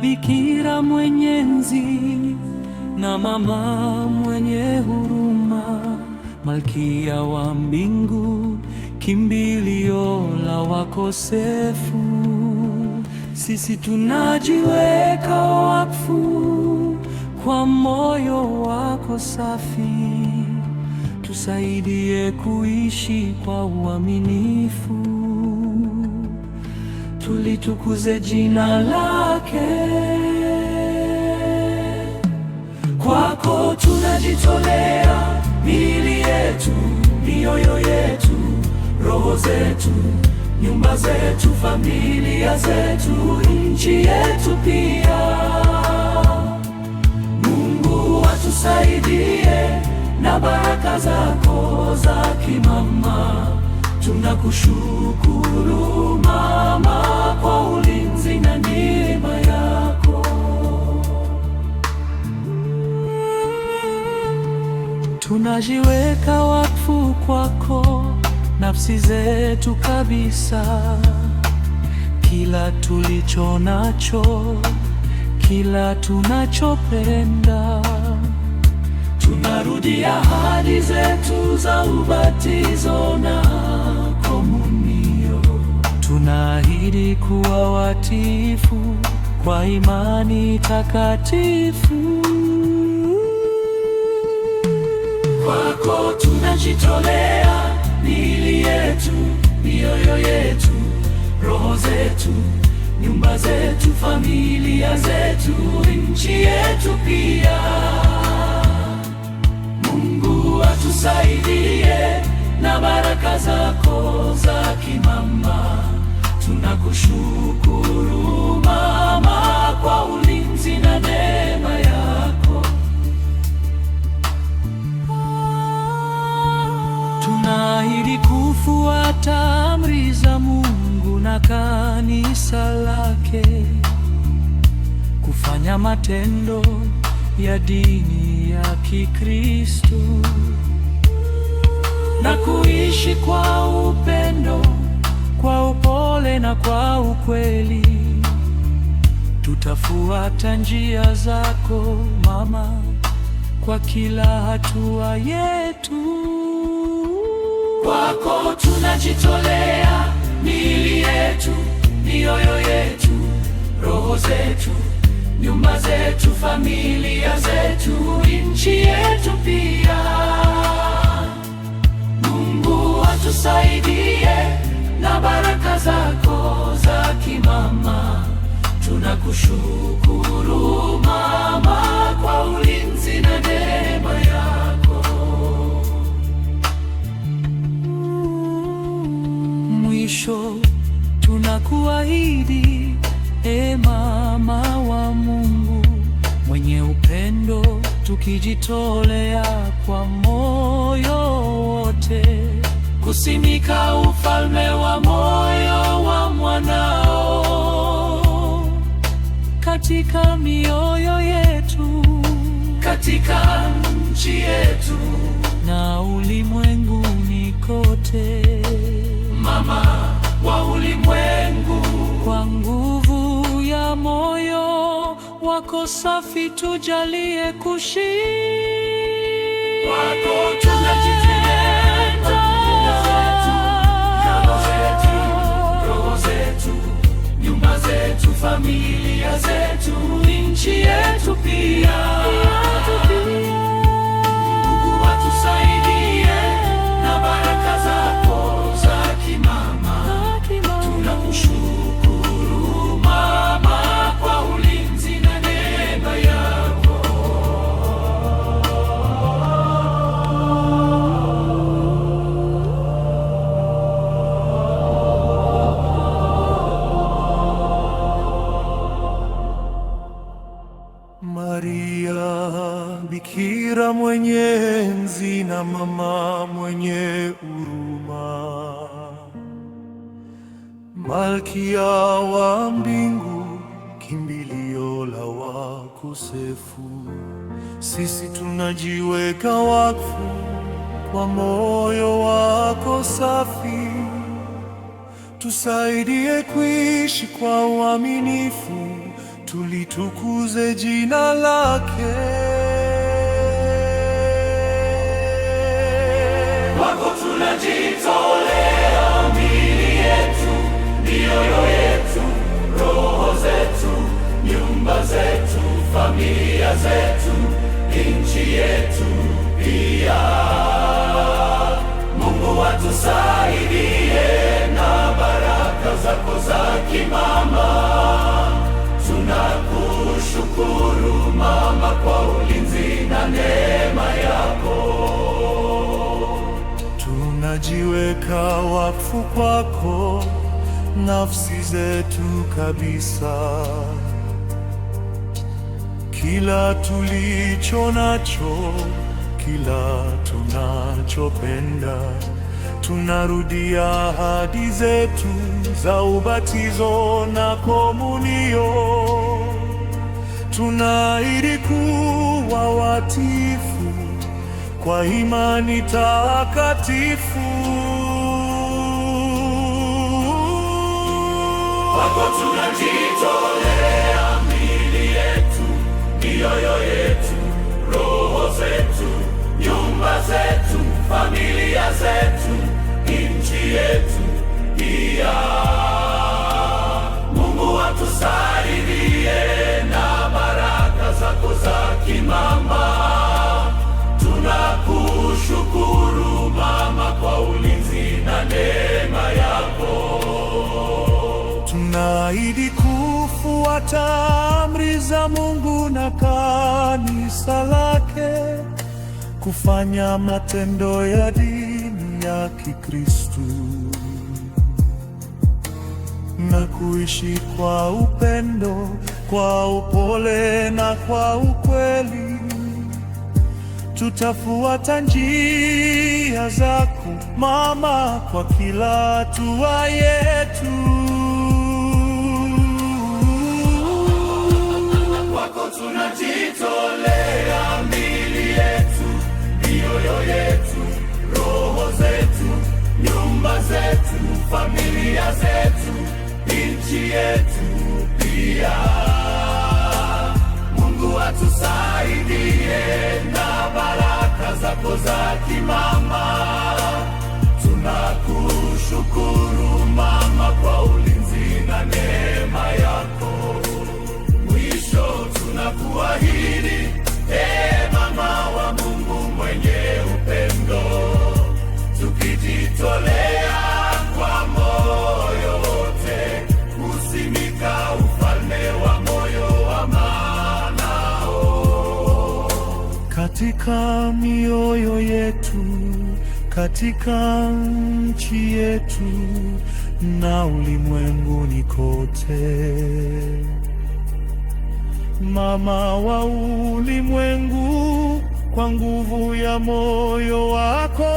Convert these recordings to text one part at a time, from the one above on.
Bikira mwenyenzi na mama mwenye huruma, Malkia wa mbingu, kimbilio la wakosefu. Sisi tunajiweka wakfu kwa moyo wako safi, tusaidie kuishi kwa uaminifu tulitukuze jina lake. Kwako tunajitolea miili yetu, mioyo yetu, roho zetu, nyumba zetu, familia zetu, nchi yetu pia. Mungu atusaidie na baraka zako za kimama Tunakushukuru Mama kwa ulinzi na neema yako. Tunajiweka wakfu kwako, nafsi zetu kabisa, kila tulicho nacho, kila tunachopenda tunarudi ahadi zetu za ubatizo na Jitahidi kuwa watifu kwa imani takatifu. Kwako tunajitolea miili yetu, mioyo yetu, roho zetu, nyumba zetu, familia zetu, nchi yetu pia. Mungu atusaidie na baraka zako za kimama Tunakushukuru Mama kwa ulinzi na neema yako. Tunaahidi kufuata amri za Mungu na kanisa lake, kufanya matendo ya dini ya Kikristo na kuishi kwa upendo kwa upole na kwa ukweli, tutafuata njia zako Mama, kwa kila hatua yetu. Kwako tunajitolea miili yetu, mioyo yetu, roho zetu, nyumba zetu, familia zetu, nchi yetu pia. Mungu atusaidie na baraka zako za kimama. Tunakushukuru mama kwa ulinzi na neema yako. Mwisho tunakuahidi, e mama wa Mungu mwenye upendo, tukijitolea kwa moyo wote kusimika ufalme wa moyo wa mwanao katika mioyo yetu, katika nchi yetu na ulimwenguni kote. Mama wa ulimwengu, kwa nguvu ya moyo wako safi tujalie kushi wako tunajitenda familia zetu, nchi yetu pia. tukuze jina lake. Kwako tunajitolea miili yetu, mioyo yetu, roho zetu, nyumba zetu, familia zetu, nchi yetu pia. Mungu watusaidie na baraka zako za kimama tunaku Tunakushukuru Mama kwa ulinzi na neema yako. Tunajiweka wakfu kwako, nafsi zetu kabisa, kila tulicho nacho, kila tunachopenda tunarudia ahadi zetu za ubatizo na komunio tunaahidi kuwa kwa imani takatifu. Kwako tunajitolea mili yetu, mioyo yetu, roho zetu, nyumba zetu, familia zetu, nchi yetu pia. Mungu atusaidie zako za kimama. Tunakushukuru mama kwa ulinzi na neema yako. Tunaahidi kufuata amri za Mungu na kanisa lake, kufanya matendo ya dini ya Kikristu na kuishi kwa upendo kwa upole na kwa ukweli, tutafuata njia zako Mama, kwa kila hatua yetu. Kwako tunajitolea, mili yetu, mioyo yetu, roho zetu, nyumba zetu, familia zetu, nchi yetu pia tusaidie na baraka zako za kimama. Tunakushukuru mama kwa ulinzi na neema yako. Mwisho tunakuahidi ee mama wa Mungu mwenye upendo, tukijitolea katika mioyo yetu, katika nchi yetu na ulimwenguni kote. Mama wa ulimwengu, kwa nguvu ya moyo wako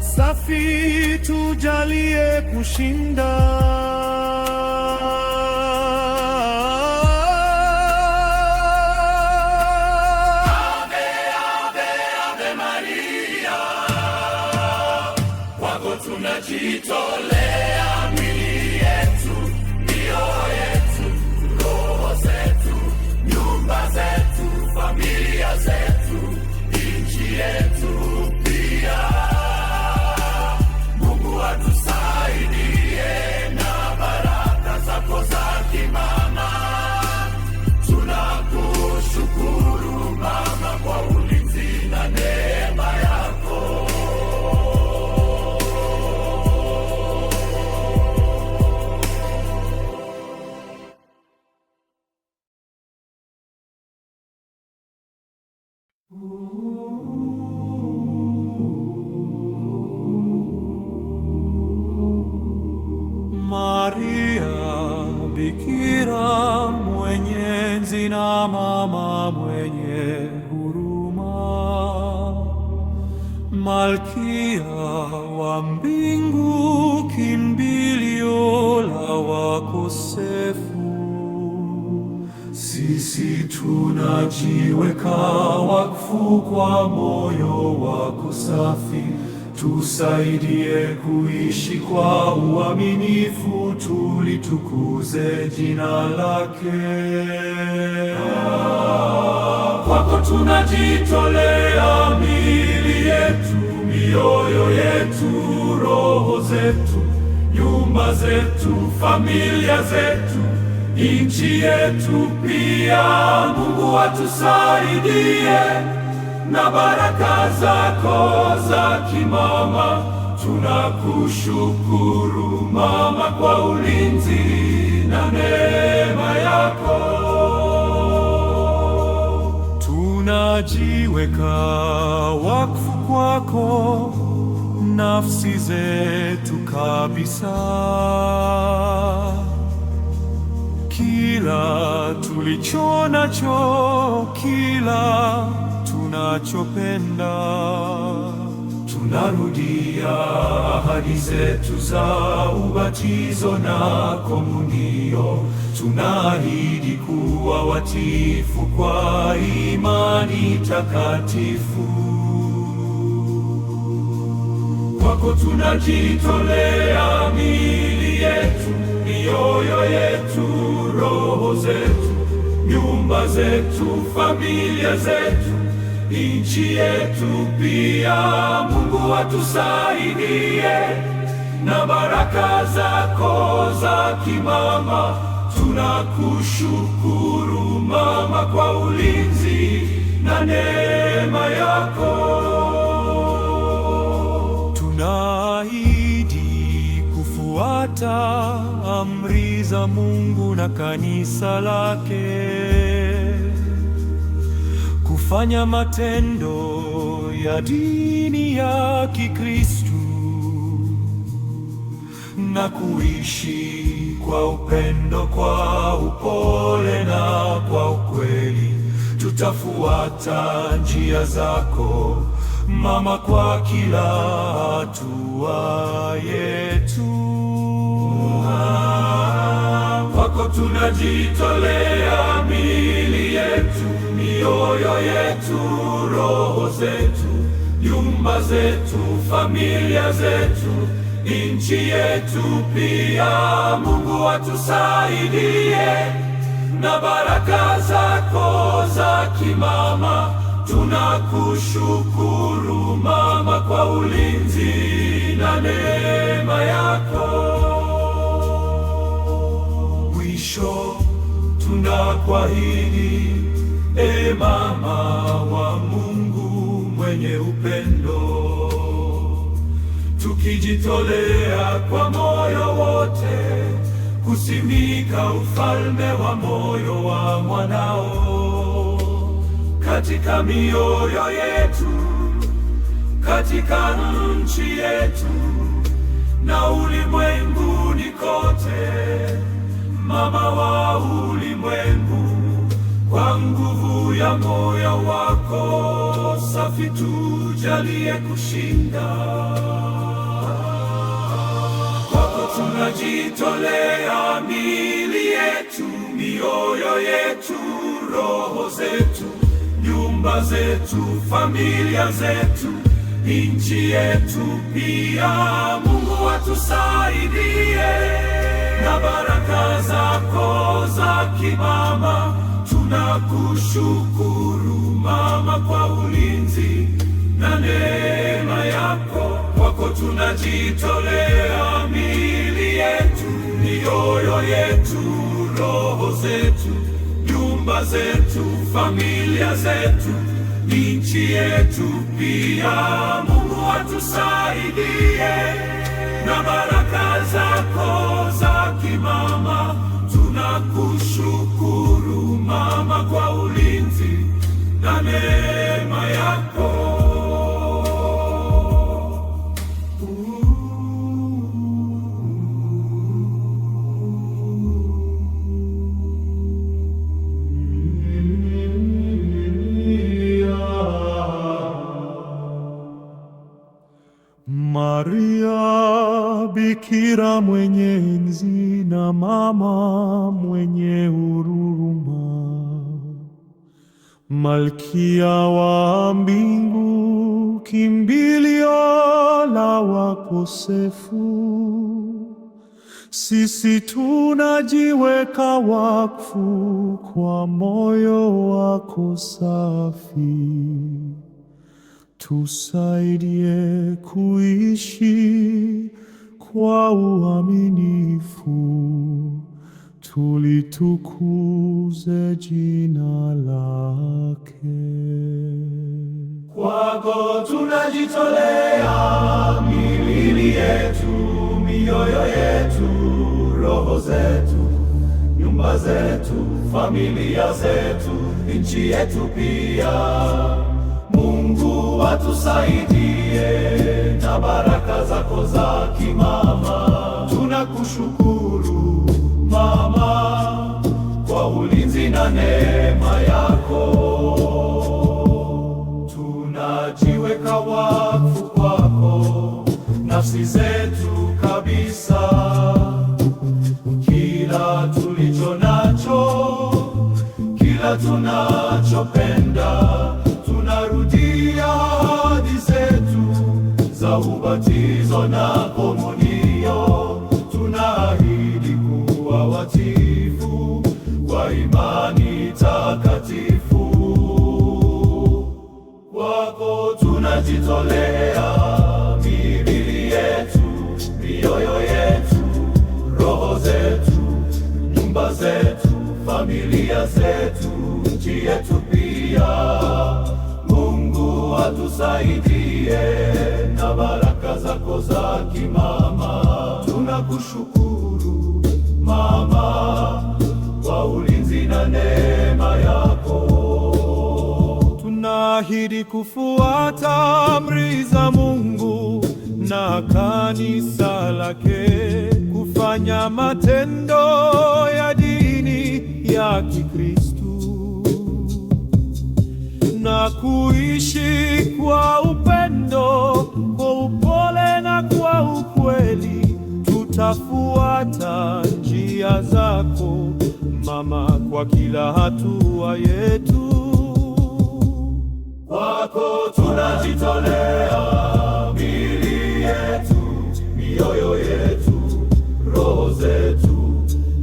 safi, tujalie kushinda Victoria! mrefu. Sisi tunajiweka wakfu kwa moyo wako safi, tusaidie kuishi kwa uaminifu, tulitukuze jina lake. Kwako tunajitolea mili yetu, mioyo yetu, roho zetu nyumba zetu, familia zetu, nchi yetu pia. Mungu atusaidie na baraka zako za kimama. Tunakushukuru mama kwa ulinzi na neema yako. Tunajiweka wakfu kwako nafsi zetu kabisa. Kila tulicho nacho, kila tunachopenda, tunarudia ahadi zetu za ubatizo na komunio. Tunaahidi kuwa watiifu kwa imani takatifu kwako tunajitolea mili yetu, mioyo yetu, roho zetu, nyumba zetu, familia zetu, nchi yetu pia. Mungu atusaidie na baraka zako za kimama. Tunakushukuru mama kwa ulinzi na neema yako. kufuata amri za Mungu na kanisa lake, kufanya matendo ya dini ya Kikristu na kuishi kwa upendo, kwa upole na kwa ukweli. Tutafuata njia zako mama kwa kila hatua yetu. Kwako tunajitolea miili yetu, mioyo yetu, roho zetu, nyumba zetu, familia zetu, nchi yetu pia. Mungu atusaidie na baraka zako za kimama Tunakushukuru Mama kwa ulinzi na neema yako. Mwisho tunakuahidi, e Mama wa Mungu mwenye upendo, tukijitolea kwa moyo wote kusimika ufalme wa moyo wa mwanao katika mioyo yetu, katika nchi yetu na ulimwenguni kote, Mama wa ulimwengu, kwa nguvu ya moyo wako safi, tujalie kushinda. Kwako tunajitolea miili yetu, mioyo yetu, roho zetu nyumba zetu, familia zetu, nchi yetu pia. Mungu watusaidie na baraka zako za kimama. Tunakushukuru mama kwa ulinzi na neema yako, kwako tunajitolea, mili yetu, mioyo yetu, roho zetu nyumba zetu, familia zetu, nchi yetu pia. Mungu atusaidie na baraka zako za kimama. Tunakushukuru mama kwa ulinzi na neema yako. Malkia wa mbingu, kimbilio la wakosefu, sisi tunajiweka wakfu kwa moyo wako safi. Tusaidie kuishi kwa uaminifu tulitukuze jina lake. Kwako tunajitolea miili yetu, mioyo yetu, roho zetu, nyumba zetu, familia zetu, nchi yetu pia. Mungu atusaidie na baraka zako za kimama. Tunakushukuru mama neema yako, tunajiweka wakfu kwako, nafsi zetu kabisa, kila tulicho nacho, kila tunachopenda, tunarudia ahadi zetu za ubatizo na komuni Mtakatifu wako tunajitolea, miili yetu, mioyo yetu, roho zetu, nyumba zetu, familia zetu, nchi yetu pia. Mungu atusaidie na baraka zako za kimama. Tunakushukuru mama kwa ulinzi na neema jitahidi kufuata amri za Mungu na kanisa lake, kufanya matendo ya dini ya Kikristu na kuishi kwa upendo, kwa upole na kwa ukweli. Tutafuata njia zako Mama, kwa kila hatua yetu wako tunajitolea miili yetu, mioyo yetu, roho zetu,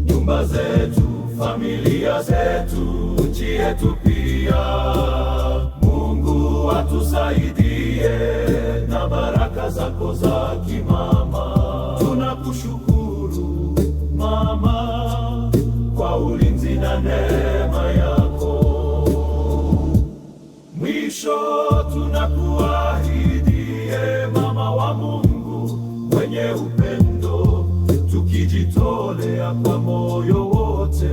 nyumba zetu, familia zetu, nchi yetu pia. Mungu atusaidie na baraka zako za Mwisho e mama wa Mungu mwenye upendo, tukijitolea kwa moyo wote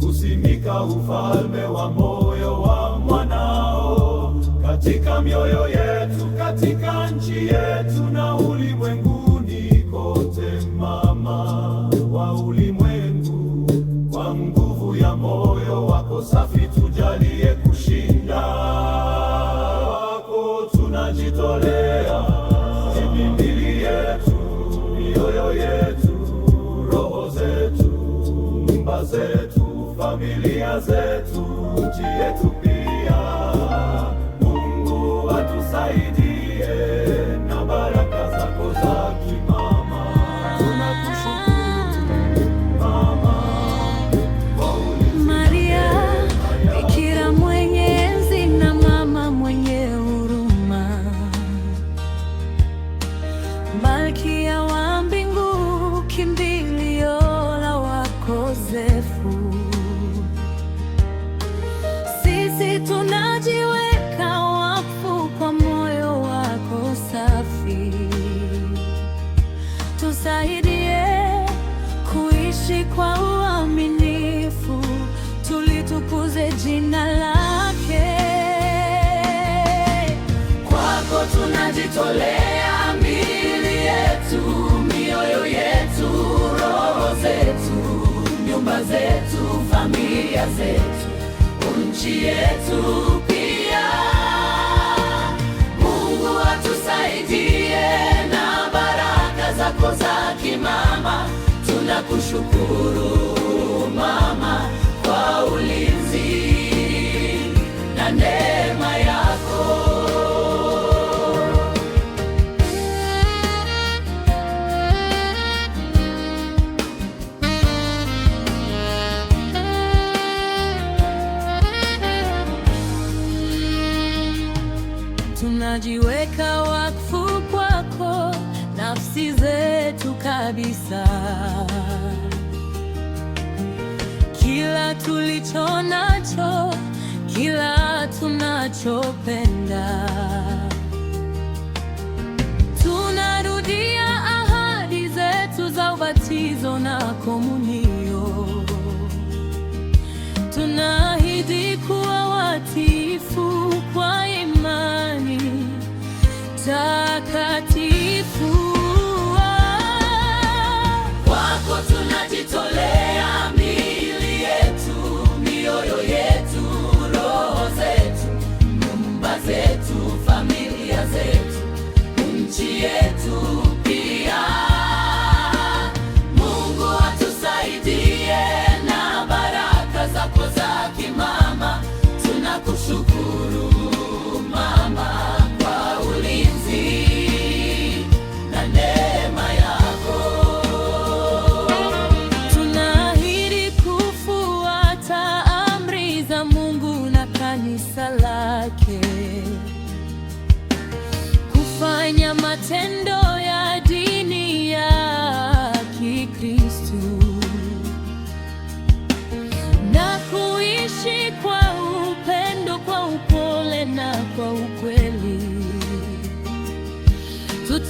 kusimika ufalme wa moyo wa mwanao katika mioyo yetu, katika nchi yetu na ulimwenguni kote, mama wa ulimwengu, kwa nguvu ya moyo wako safi tujalie kushinda tunajitolea kimbilio yetu, mioyo yetu, roho zetu, nyumba zetu, familia zetu tutaishi kwa uaminifu, tulitukuze jina lake. Kwako tunajitolea miili yetu, mioyo yetu, roho zetu, nyumba zetu, familia zetu, nchi yetu pia. Mungu atusaidie na baraka zako za kimama tunakushukuru mama kwa ulinzi na neema yako. tulicho nacho, kila tunachopenda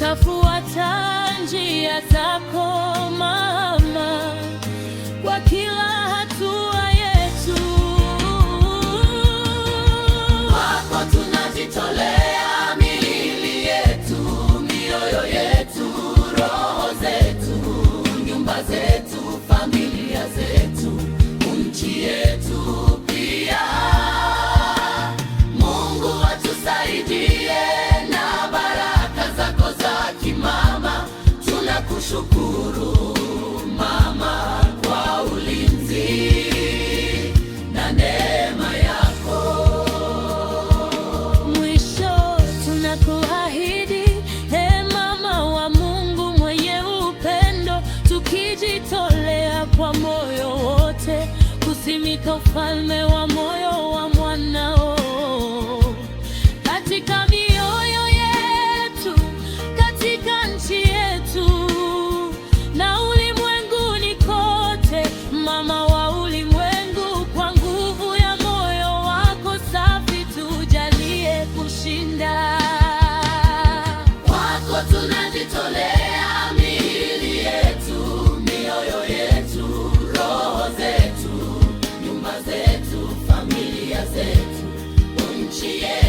tafuata njia zako mama. zetu, nchi yetu.